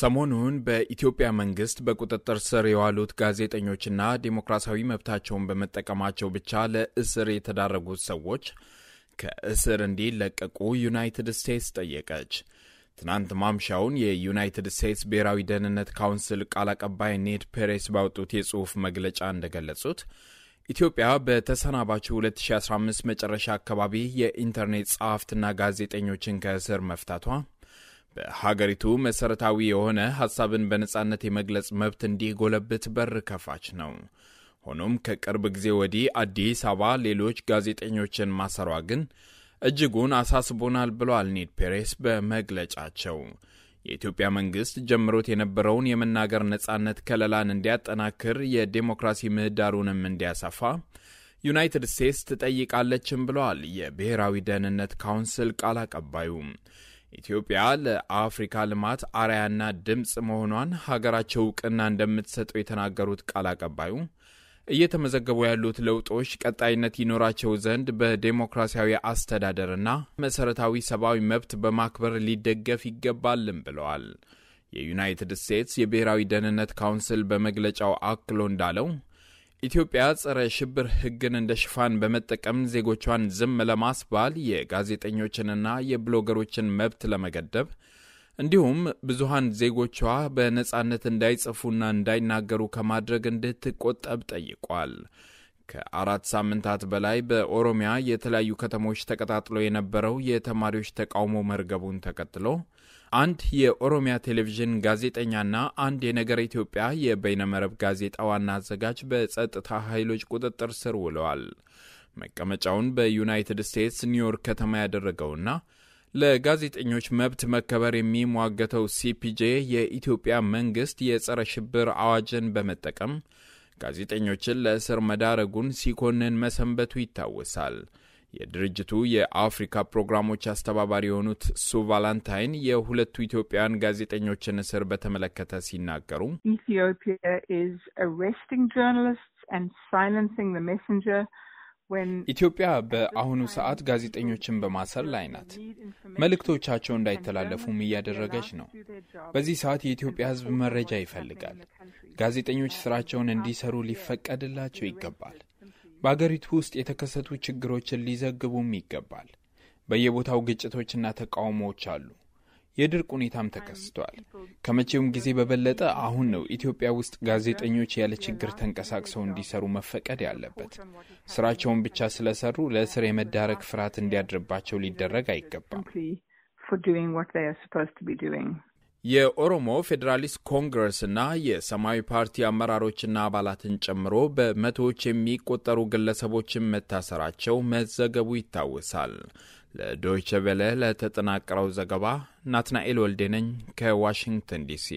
ሰሞኑን በኢትዮጵያ መንግስት በቁጥጥር ስር የዋሉት ጋዜጠኞችና ዴሞክራሲያዊ መብታቸውን በመጠቀማቸው ብቻ ለእስር የተዳረጉት ሰዎች ከእስር እንዲለቀቁ ዩናይትድ ስቴትስ ጠየቀች። ትናንት ማምሻውን የዩናይትድ ስቴትስ ብሔራዊ ደህንነት ካውንስል ቃል አቀባይ ኔድ ፔሬስ ባወጡት የጽሑፍ መግለጫ እንደገለጹት ኢትዮጵያ በተሰናባቹ 2015 መጨረሻ አካባቢ የኢንተርኔት ጸሐፍትና ጋዜጠኞችን ከእስር መፍታቷ በሀገሪቱ መሰረታዊ የሆነ ሀሳብን በነጻነት የመግለጽ መብት እንዲጎለብት በር ከፋች ነው። ሆኖም ከቅርብ ጊዜ ወዲህ አዲስ አበባ ሌሎች ጋዜጠኞችን ማሰሯ ግን እጅጉን አሳስቦናል ብለዋል ኒድ ፔሬስ በመግለጫቸው። የኢትዮጵያ መንግስት ጀምሮት የነበረውን የመናገር ነጻነት ከለላን እንዲያጠናክር የዴሞክራሲ ምህዳሩንም እንዲያሰፋ ዩናይትድ ስቴትስ ትጠይቃለችም ብለዋል የብሔራዊ ደህንነት ካውንስል ቃል አቀባዩ። ኢትዮጵያ ለአፍሪካ ልማት አርያና ድምፅ መሆኗን ሀገራቸው እውቅና እንደምትሰጠው የተናገሩት ቃል አቀባዩ እየተመዘገቡ ያሉት ለውጦች ቀጣይነት ይኖራቸው ዘንድ በዴሞክራሲያዊ አስተዳደርና መሰረታዊ ሰብአዊ መብት በማክበር ሊደገፍ ይገባልም ብለዋል። የዩናይትድ ስቴትስ የብሔራዊ ደህንነት ካውንስል በመግለጫው አክሎ እንዳለው ኢትዮጵያ ጸረ ሽብር ሕግን እንደ ሽፋን በመጠቀም ዜጎቿን ዝም ለማስባል የጋዜጠኞችንና የብሎገሮችን መብት ለመገደብ እንዲሁም ብዙሃን ዜጎቿ በነጻነት እንዳይጽፉና እንዳይናገሩ ከማድረግ እንድትቆጠብ ጠይቋል። ከአራት ሳምንታት በላይ በኦሮሚያ የተለያዩ ከተሞች ተቀጣጥሎ የነበረው የተማሪዎች ተቃውሞ መርገቡን ተከትሎ አንድ የኦሮሚያ ቴሌቪዥን ጋዜጠኛና አንድ የነገር ኢትዮጵያ የበይነመረብ ጋዜጣ ዋና አዘጋጅ በጸጥታ ኃይሎች ቁጥጥር ስር ውለዋል። መቀመጫውን በዩናይትድ ስቴትስ ኒውዮርክ ከተማ ያደረገውና ለጋዜጠኞች መብት መከበር የሚሟገተው ሲፒጄ የኢትዮጵያ መንግስት የጸረ ሽብር አዋጅን በመጠቀም ጋዜጠኞችን ለእስር መዳረጉን ሲኮንን መሰንበቱ ይታወሳል። የድርጅቱ የአፍሪካ ፕሮግራሞች አስተባባሪ የሆኑት ሱ ቫላንታይን የሁለቱ ኢትዮጵያውያን ጋዜጠኞችን እስር በተመለከተ ሲናገሩ ኢትዮጵያ በአሁኑ ሰዓት ጋዜጠኞችን በማሰር ላይ ናት። መልእክቶቻቸው እንዳይተላለፉም እያደረገች ነው። በዚህ ሰዓት የኢትዮጵያ ሕዝብ መረጃ ይፈልጋል። ጋዜጠኞች ስራቸውን እንዲሰሩ ሊፈቀድላቸው ይገባል። በአገሪቱ ውስጥ የተከሰቱ ችግሮችን ሊዘግቡም ይገባል። በየቦታው ግጭቶችና ተቃውሞዎች አሉ። የድርቅ ሁኔታም ተከስቷል። ከመቼውም ጊዜ በበለጠ አሁን ነው ኢትዮጵያ ውስጥ ጋዜጠኞች ያለ ችግር ተንቀሳቅሰው እንዲሰሩ መፈቀድ ያለበት። ስራቸውን ብቻ ስለሰሩ ለእስር የመዳረግ ፍርሃት እንዲያድርባቸው ሊደረግ አይገባም። የኦሮሞ ፌዴራሊስት ኮንግረስና የሰማያዊ ፓርቲ አመራሮችና አባላትን ጨምሮ በመቶዎች የሚቆጠሩ ግለሰቦችን መታሰራቸው መዘገቡ ይታወሳል። ለዶይቸ ቬለ ለተጠናቀረው ዘገባ ናትናኤል ወልዴነኝ ከዋሽንግተን ዲሲ